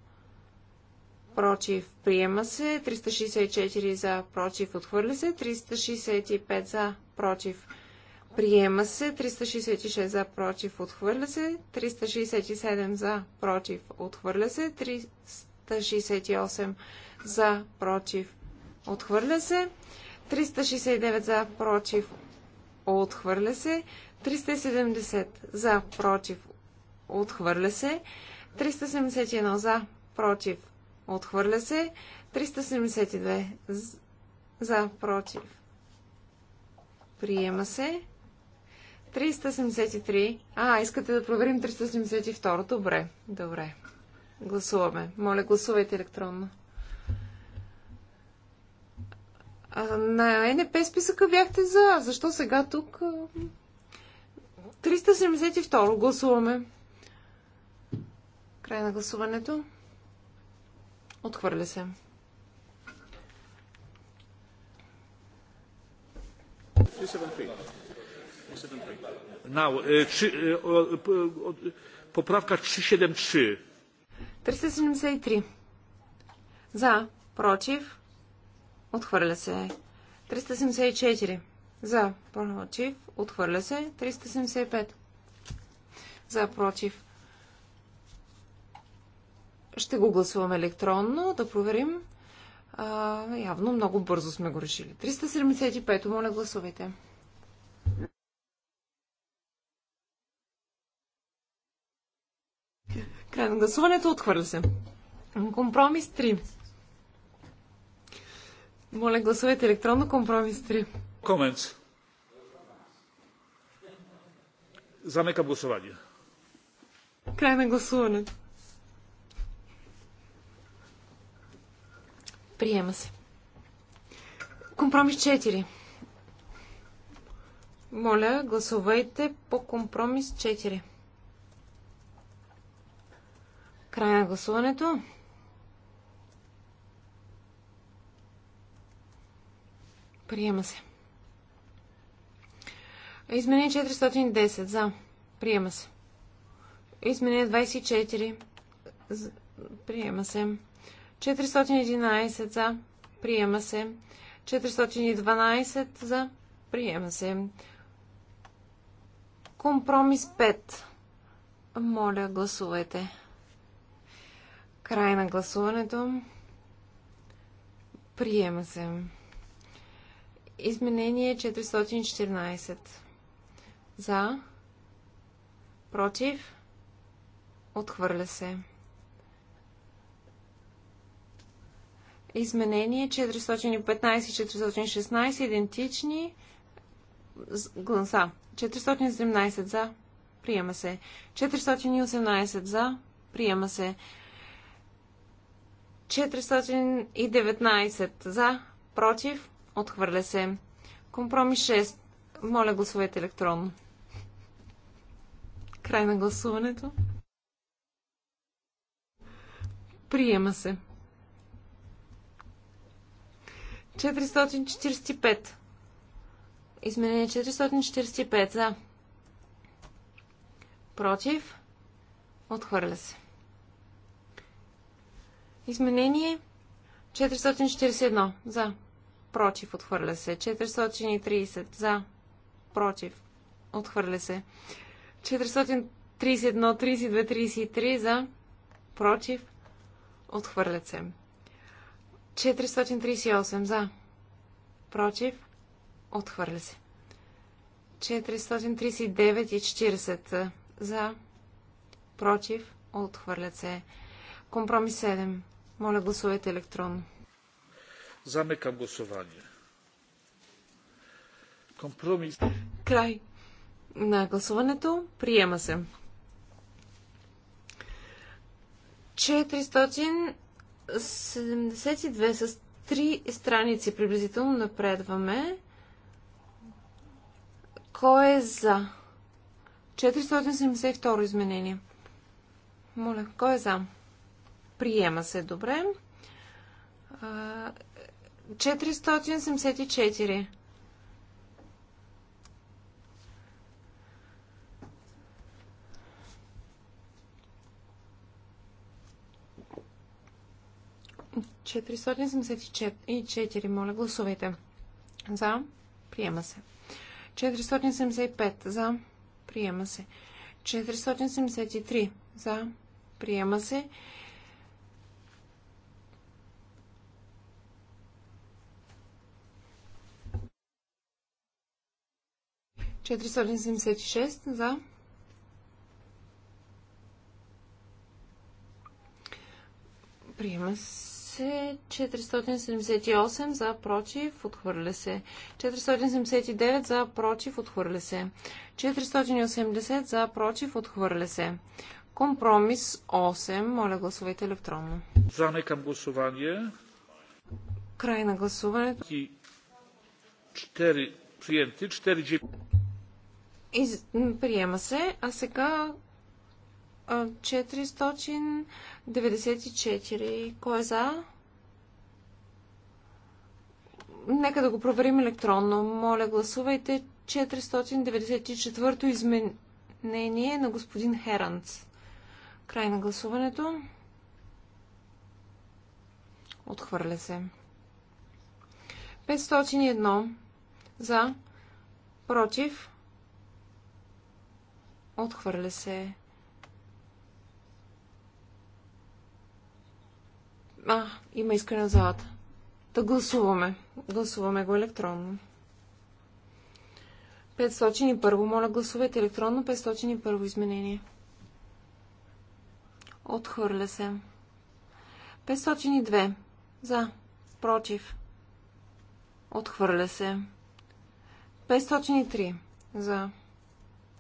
против приема се. 364 за против отхвърля се. 365 за против приема се. 366 за против отхвърля се. 367 за против отхвърля се. 368 за против отхвърля се. 369 за, против, отхвърля се. 370 за, против, отхвърля се. 371 за, против, отхвърля се. 372 за, против, приема се. 373. А, искате да проверим 372. Добре, добре. Гласуваме. Моля, гласувайте електронно. 373. на НП списъка бяхте за. Защо сега тук? 372 гласуваме. Край на гласуването. Отхвърля се. Е, е, поправка 373. 373. За, против, Отхвърля се. 374. За. Против. Отхвърля се. 375. За. Против. Ще го гласуваме електронно, да проверим. А, явно много бързо сме го решили. 375. Моля, гласувайте. Край на гласуването. Отхвърля се. Компромис 3. Моля, гласувайте електронно компромис 3. Комент. Замека гласование. Край на гласуване. Приема се. Компромис 4. Моля, гласувайте по компромис 4. Край на гласуването. Приема се. Изменение 410. За. Приема се. Изменение 24. Приема се. 411 за. Приема се. 412 за. Приема се. Компромис 5. Моля, гласувайте. Край на гласуването. Приема се. Изменение 414. За. Против. Отхвърля се. Изменение 415-416 идентични гласа. 417 за. Приема се. 418 за. Приема се. 419 за. Против. Отхвърля се. Компромис 6. Моля, гласувайте електронно. Край на гласуването. Приема се. 445. Изменение 445. За. Против. Отхвърля се. Изменение 441. За против, отхвърля се. 430 за, против, отхвърля се. 431, 32, 33 за, против, отхвърля се. 438 за, против, отхвърля се. 439 и 40 за, против, отхвърлят се. Компромис 7. Моля гласувайте електронно. Zamykam głosowanie. Компромис. Край на гласуването. Приема се. 472 с 3 страници приблизително напредваме. Кой е за? 472 изменение. Моля, кой е за? Приема се, добре. 474. моля, гласувайте. За. Приема се. 475. За. Приема се. 473. За. Приема се. 476 за. Приема се 478 за против, отхвърля се. 479 за против, отхвърля се. 480 за против, отхвърля се. Компромис 8. Моля, гласувайте електронно. към гласуване. Край на гласуването. 4 приемти, 4 из... Приема се. А сега 494. Кой е за? Нека да го проверим електронно. Моля, гласувайте 494-то изменение на господин Херанц. Край на гласуването. Отхвърля се. 501 за, против, Отхвърля се. А, има искане на залата. Да гласуваме. Гласуваме го електронно. 501. Моля, гласувайте електронно. 501 изменение. Отхвърля се. 502. За. Против. Отхвърля се. 503. За.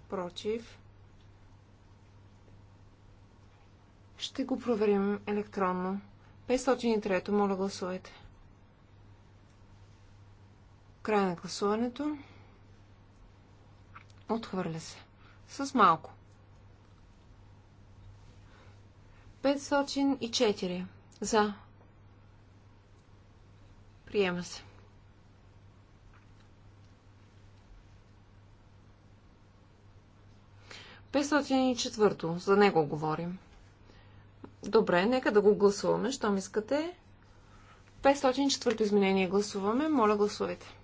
Против. Ще го проверим електронно. 503-то, моля гласувайте. Край на гласуването. Отхвърля се. С малко. 504. За. Приема се. 504 и четвърто. За него говорим. Добре, нека да го гласуваме, щом искате. 504 изменение гласуваме. Моля, гласувайте.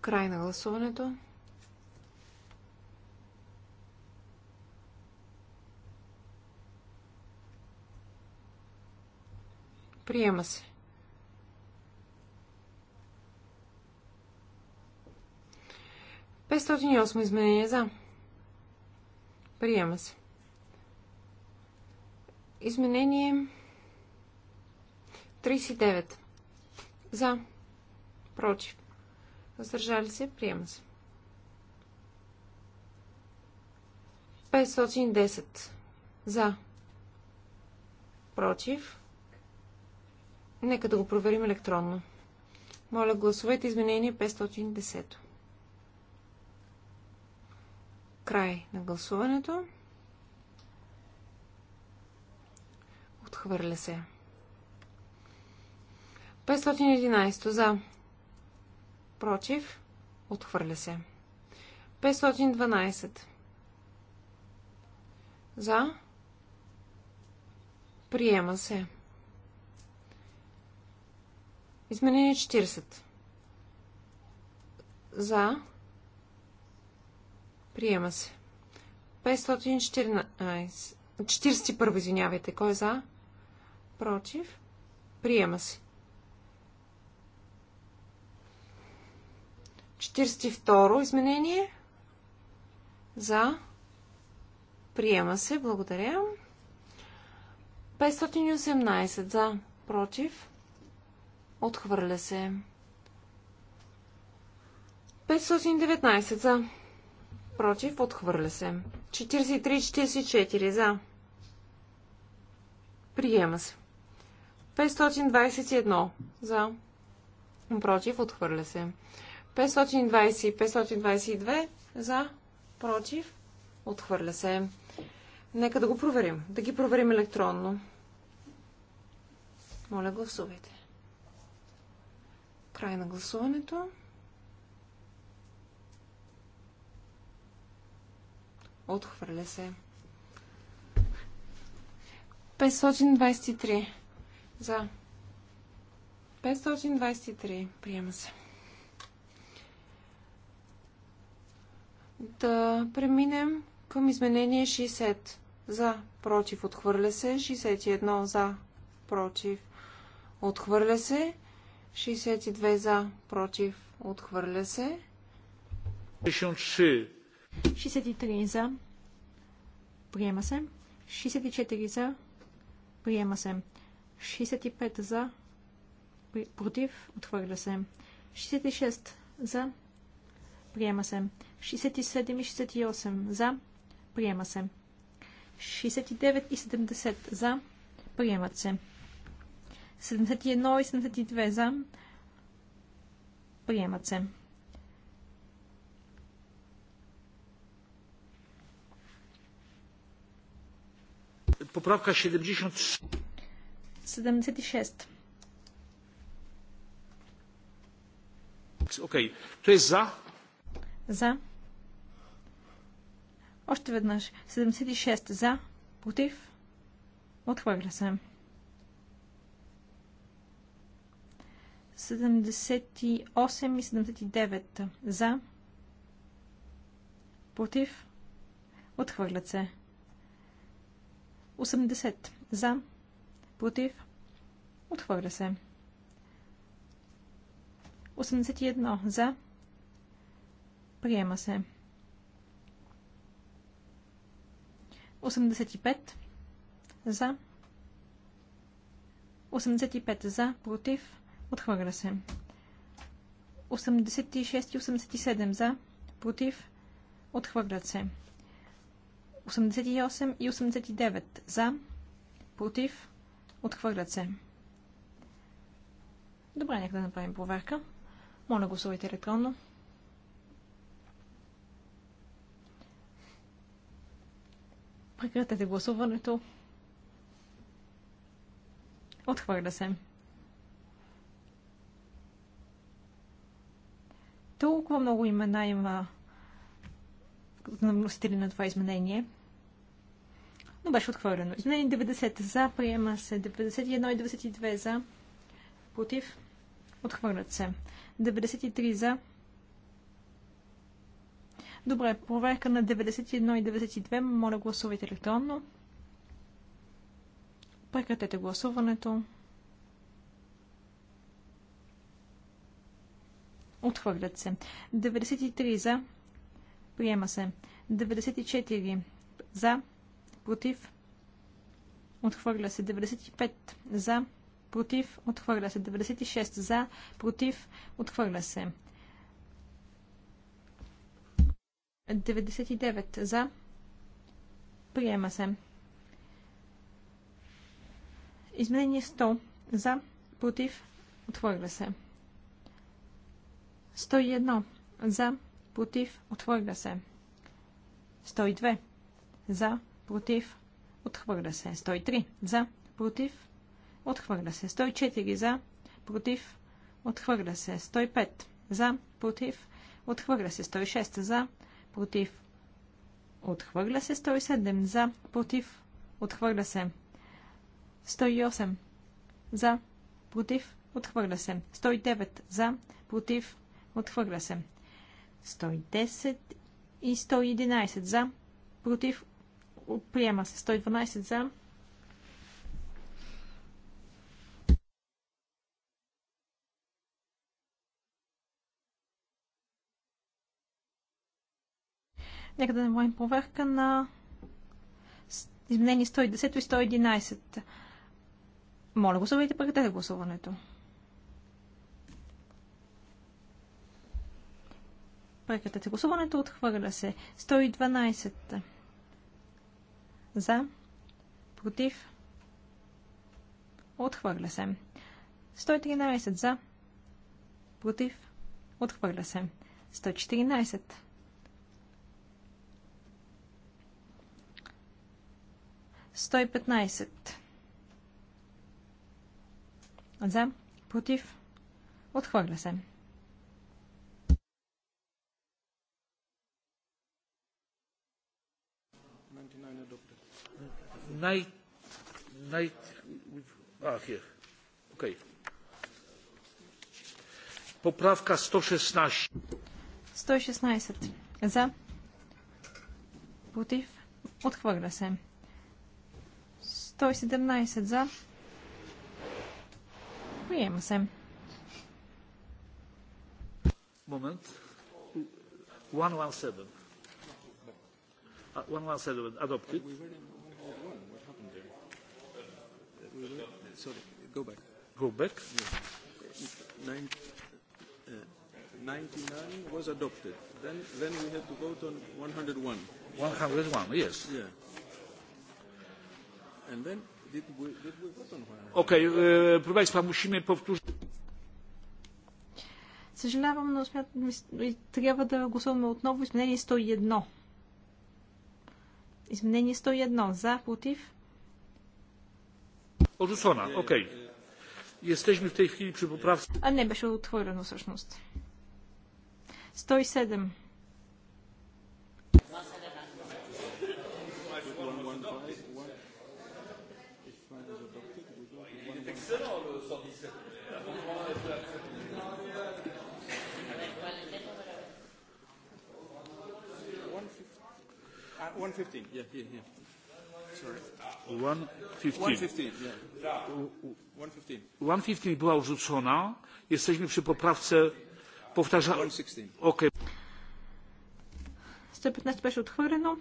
Край на гласуването. Приема се. Петстотин и осмо изменение за. Приема се. Изменение 39. За. Против. Въздържали се. Приема се. 510. За. Против. Нека да го проверим електронно. Моля, гласувайте изменение 510. Край на гласуването. Отхвърля се. 511 за. Против. Отхвърля се. 512 за. Приема се. Изменение 40. За. Приема се. 514. 41, извинявайте. Кой е за? Против. Приема се. 42 изменение. За. Приема се. Благодаря. 518 за. Против. Отхвърля се. 519 за. Против. Отхвърля се. 43-44 за. Приема се. 521 за. Против. Отхвърля се. 520 522 за. Против. Отхвърля се. Нека да го проверим. Да ги проверим електронно. Моля, гласувайте. Край на гласуването. Отхвърля се. 523. За. 523. Приема се. Да преминем към изменение 60. За. Против. Отхвърля се. 61. За. Против. Отхвърля се. 62. За. Против. Отхвърля се. 63. 63 за. Приема се. 64 за. Приема се. 65 за, против, отхвърля се. 66 за, приема се. 67 и 68 за, приема се. 69 и 70 за, приемат се. 71 и 72 за, приемат се. Поправка 70. 76. Okej, okay. той е за. За. Още веднъж. 76 за, против, отхвърля се. 78 и 79 за, против, отхвърлят се. 80 за, Против. Отхвърля се. 81. За. Приема се. 85. За. 85 за, против, отхвърля се. 86 и 87 за, против, отхвърлят се. 88 и 89 за, против, Отхвърлят се. Добре, нека да направим проверка. Моля, гласувайте електронно. Прекратете гласуването. Отхвърля се. Толкова много имена има на вносители на това изменение но беше отхвърлено. Изменени 90 за, приема се 91 и 92 за, против, отхвърлят се. 93 за. Добре, проверка на 91 и 92. Моля гласувайте електронно. Прекратете гласуването. Отхвърлят се. 93 за. Приема се. 94 за против, отхвърля се 95 за, против, отхвърля се 96 за, против, отхвърля се 99 за, приема се. Изменение 100 за, против, отхвърля се. 101 за, против, отхвърля се. 102 за, против, отхвърля се. 103 за, против, отхвърля се. 104 за, против, отхвърля се. 105 за, против, отхвърля се. 106 за, против, отхвърля се. 107 за, против, отхвърля се. 108 за, против, отхвърля се. 109 за, против, отхвърля се. 110 и 111 за, против, приема се 112 за. Нека да направим проверка на изменение 110 и 111. Моля, гласувайте, прекратете гласуването. Прекратете гласуването, отхвърля се. 112. За. Против. Отхвърля се. 113 за. Против. Отхвърля се. 114. 115. За. Против. Отхвърля се. най... най... А, here. Okay. Поправка 116. 116. За. Против. Отхвърля се. 117 за. Приема се. Момент. 117. 117 adopted. sorry, go back. Go back? Yes. 99 was adopted. Then, then we have to vote on 101. 101, yes. Yeah. And then, did we, did we vote on 101? Okay, uh, proszę Państwa, musimy powtórzyć. Съжалявам, но смятам, трябва да гласуваме отново изменение 101. Изменение 101. За, против? Odrzucona, okej. Okay. Jesteśmy w tej chwili przy poprawce. A nie, беше отхвърлено всъщност. 107. One fifteen. Yeah, yeah, yeah. 115 była odrzucona. Jesteśmy przy poprawce powtarza... Okay. 115 беше отхвърлено.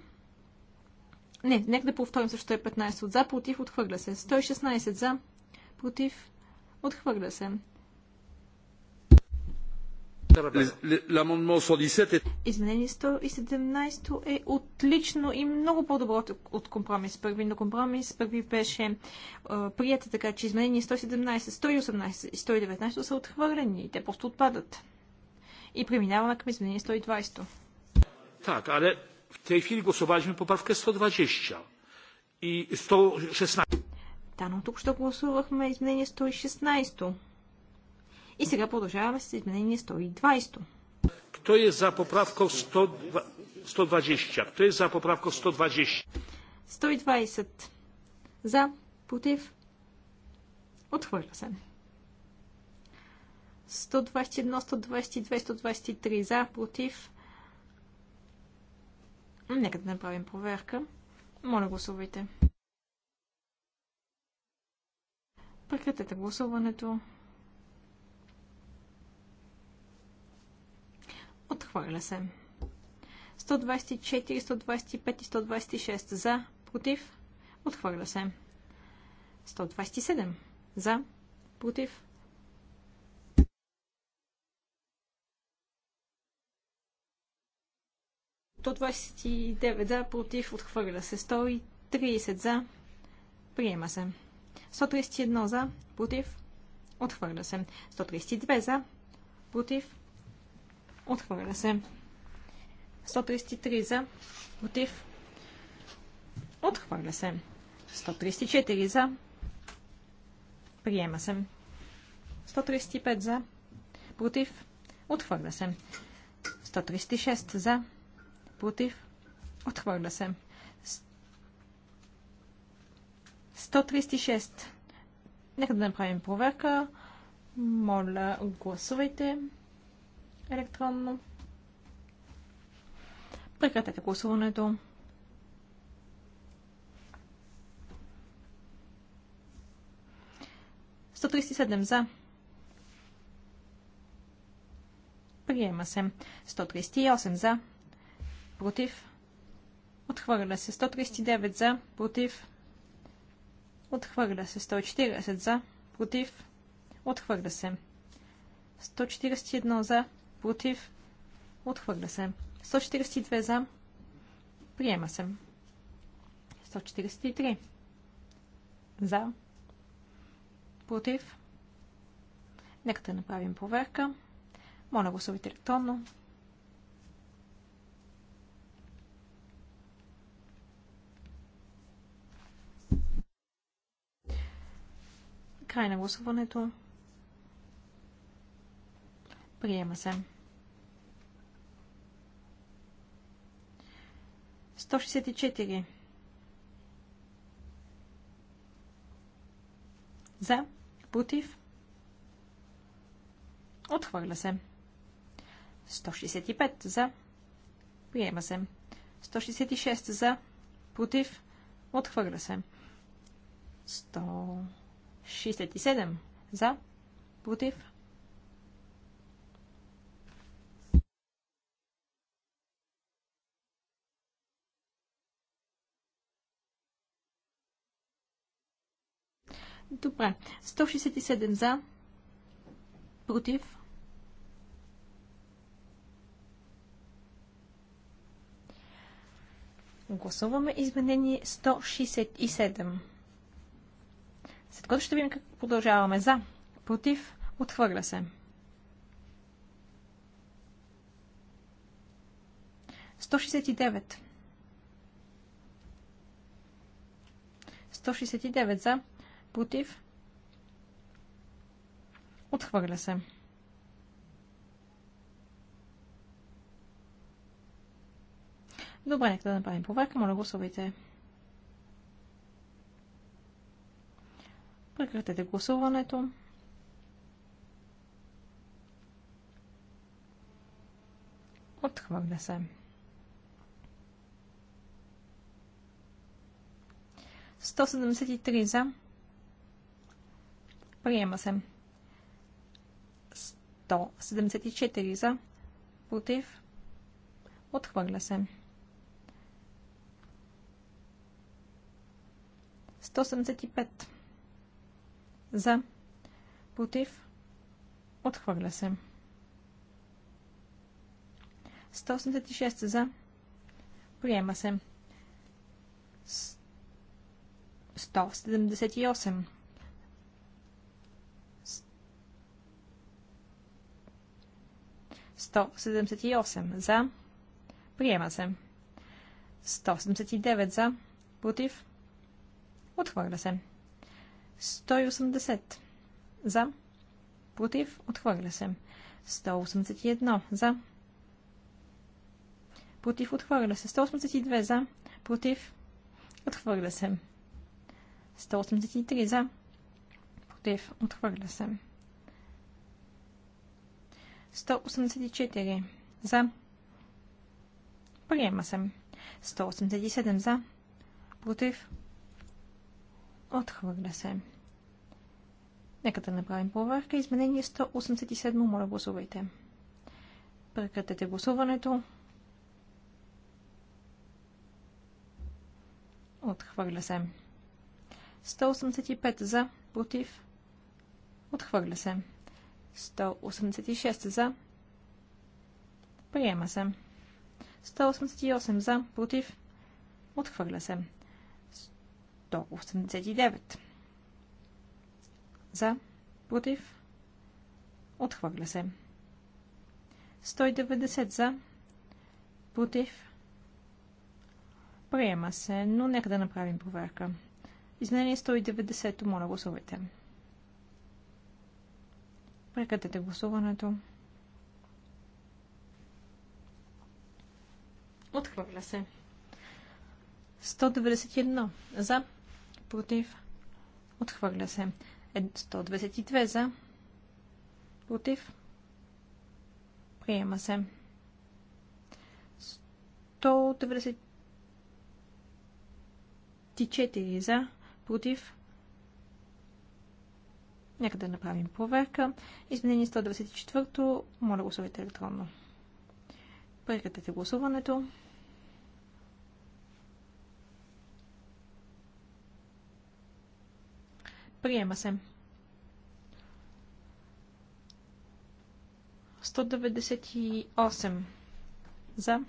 Не, нека да повторим също 115 от за, против, отхвърля се. 116 за, против, отхвърля се. Е- изменение 117 е отлично и много по-добро от компромис първи, но компромис първи беше прията така, че изменение 117, 118 и 119 са отхвърлени. Те просто отпадат. И преминаваме към изменение 120. Так, але в tej chwili głosowaliśmy poprawkę 120 i 116. Да, но тук ще гласувахме изменение 116. И сега продължаваме с изменение 120. Кто е за поправка 120? Кто е за поправка 120? 120. За, против, отхвърля се. 121, 122, 123 за, против. Нека да направим проверка. Моля, гласувайте. Прекратете гласуването. Отхвърля се. 124, 125 и 126 за, против, отхвърля се. 127 за, против. То 29 за, против, отхвърля се. 130 за, приема се. 131 за, против, отхвърля се. 132 за, против, Отхвърля се. 133 за. Против. Отхвърля се. 134 за. Приема се. 135 за. Против. Отхвърля се. 136 за. Против. Отхвърля се. 136. Нека да направим проверка. Моля, гласувайте електронно. Прекратете гласуването. за. Приема се. 138 за. Против. Отхвърля се. 139 за. Против. Отхвърля се. 140 за. Против. Отхвърля се. 141 за. Против. Отхвърля се. 142 за. Приема се. 143. За. Против. Нека да направим проверка. Моля гласувайте електронно. Край на гласуването. Приема се. 164. За. Против. Отхвърля се. 165. За. Приема се. 166. За. Против. Отхвърля се. 167. За. Против. Добре. 167 за. Против. Гласуваме изменение 167. След което ще видим как продължаваме. За. Против. Отхвърля се. 169. 169 за. Против. Отхвърля се. Добре, нека да направим проверка. Моля, гласувайте. Прекратете гласуването. Отхвърля се. 173 за, Приема се. 174 за. Против. Отхвърля се. 175 за. Против. Отхвърля се. 186 за. Приема се. 178 178 за. Приема се. 179 за. Против. Отхвърля се. 180 за. Против. Отхвърля се. 181 за. Против. Отхвърля се. 182 за. Против. Отхвърля се. 183 за. Против. Отхвърля се. 184 за. Приема се. 187 за. Против. Отхвърля се. Нека да направим проверка. Изменение 187. Моля гласувайте. Прекратете гласуването. Отхвърля се. 185 за. Против. Отхвърля се. 186 за. Приема се. 188 за. Против. Отхвърля се. 189 за. Против. Отхвърля се. 190 за. Против. Приема се, но нека да направим проверка. Изменение 190, моля гласувайте. Да Прекратете гласуването. Отхвърля се. 191 за. Против. Отхвърля се. 122 за. Против. Приема се. 194 за. Против. Нека да направим проверка. Изменение 194. Моля гласувайте електронно. Прекратете гласуването. Приема се. 198 за.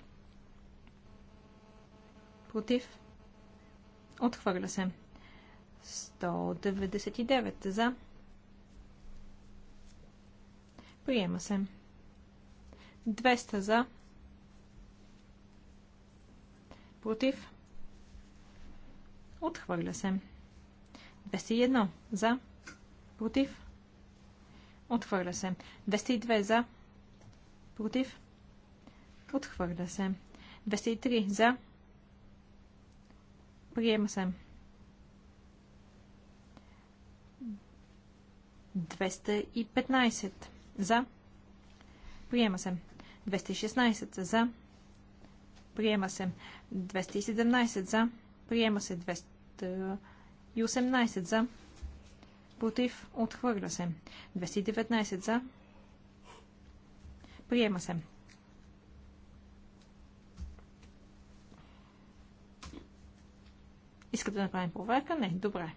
Против. Отхвърля се. 199 за. Приема се. 200 за. Против. Отхвърля се. 201 за. Против. Отхвърля се. 202 за. Против. Отхвърля се. 203 за. Приема се. 215 за. Приема се. 216 за. Приема се. 217 за. Приема се. 218 за. Против. Отхвърля се. 219 за. Приема се. Искате да направим проверка? Не. Добре.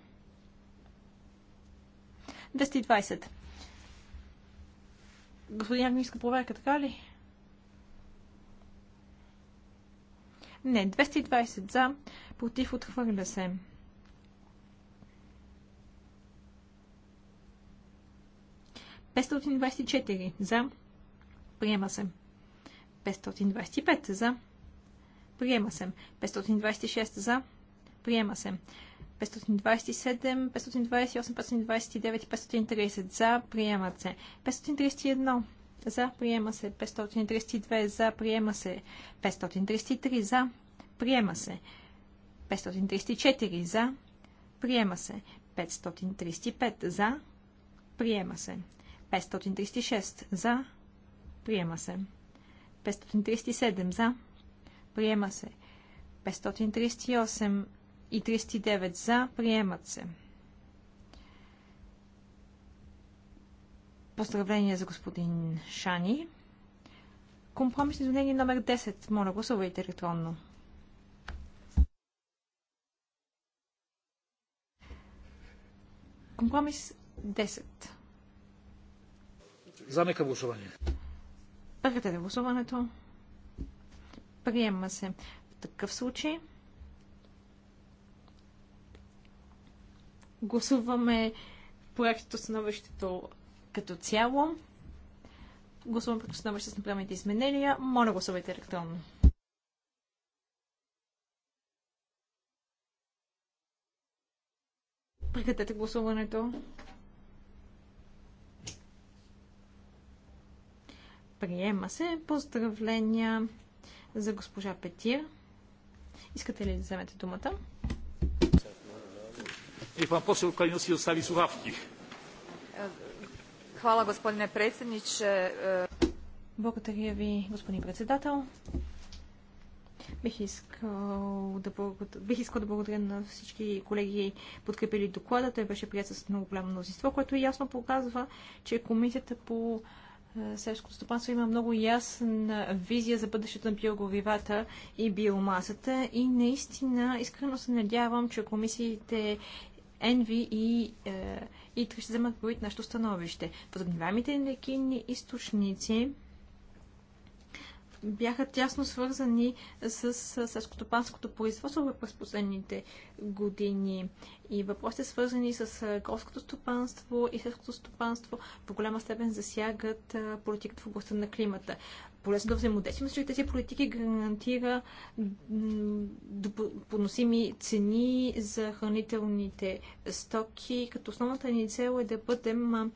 220. Господин Агни иска проверка, така ли? Не, 220 за, против отхвърля се. Петстотин за. Приема се. 525 за. Приема се. 526 за. Приема се. 527, 528, 529 и 530 за, приема се. 531 за, приема се. 532 за, приема се. 533 за, приема се. 534 за, приема се. 535 за, приема се. 536 за, приема се. 537 за, приема се. 538 и 39 за. Приемат се. Поздравление за господин Шани. Компромисно изменение номер 10. Моля, гласувайте електронно. Компромис 10. Замека гласуване. Прекратете гласуването. Приема се. В такъв случай Гласуваме проектото становището като цяло. Гласуваме проектото становище с направените изменения. Моля, гласувайте електронно. Прекратете гласуването. Приема се. Поздравления за госпожа Петир. Искате ли да вземете думата? Niech pan poseł Kalinowski zostawi słuchawki. Hvala, gospodine predsjedniče. Благодаря ви, господин председател. Бих искал, да благодаря, бих искал да благодаря на всички колеги, подкрепили доклада. Той беше прият с много голямо мнозинство, което ясно показва, че комисията по е, селското стопанство има много ясна визия за бъдещето на биогоривата и биомасата и наистина искрено се надявам, че комисиите Енви и е, ИТРИ ще вземат предвид нашето становище. Възобновяемите енергийни източници бяха тясно свързани с селскотопанското производство през последните години. И въпросите свързани с е, горското стопанство и селското стопанство по голяма степен засягат е, политиката в областта на климата полезно да взаимодействаме, защото тези политики гарантира поносими цени за хранителните стоки, като основната ни цел е да бъдем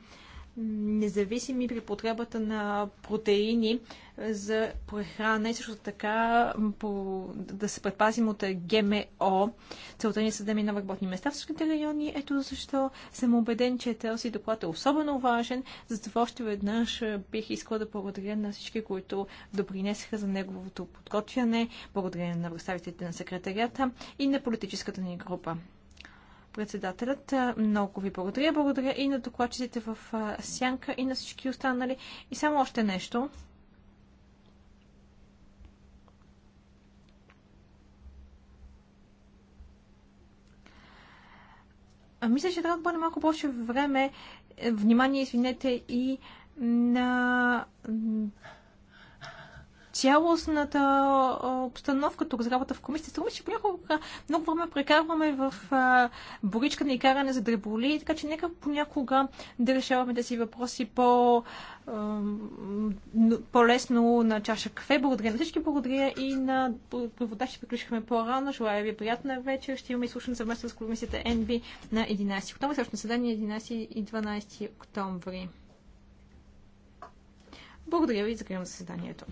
независими при потребата на протеини за прехрана и също така по, да се предпазим от ГМО. Целта ни е да мина работни места в същите райони. Ето защо съм убеден, че този доклад е особено важен. Затова още веднъж бих искала да благодаря на всички, които допринесеха за неговото подготвяне. Благодаря на представителите на секретарията и на политическата ни група. Председателят, много ви благодаря. Благодаря и на докладчиците в Сянка и на всички останали. И само още нещо. А, мисля, че трябва да бъде малко повече време, е, внимание, извинете, и на цялостната обстановка тук за работа в комисията. Струва, че понякога много време прекарваме в боричка на и каране за дреболи, така че нека понякога да решаваме тези въпроси по, по-лесно на чаша кафе. Благодаря на всички, благодаря и на преводачите, приключихме по-рано. Желая ви приятна вечер. Ще имаме изслушане съвместно с комисията НБ на 11 октомври, също съдание 11 и 12 октомври. Благодаря ви, закривам заседанието.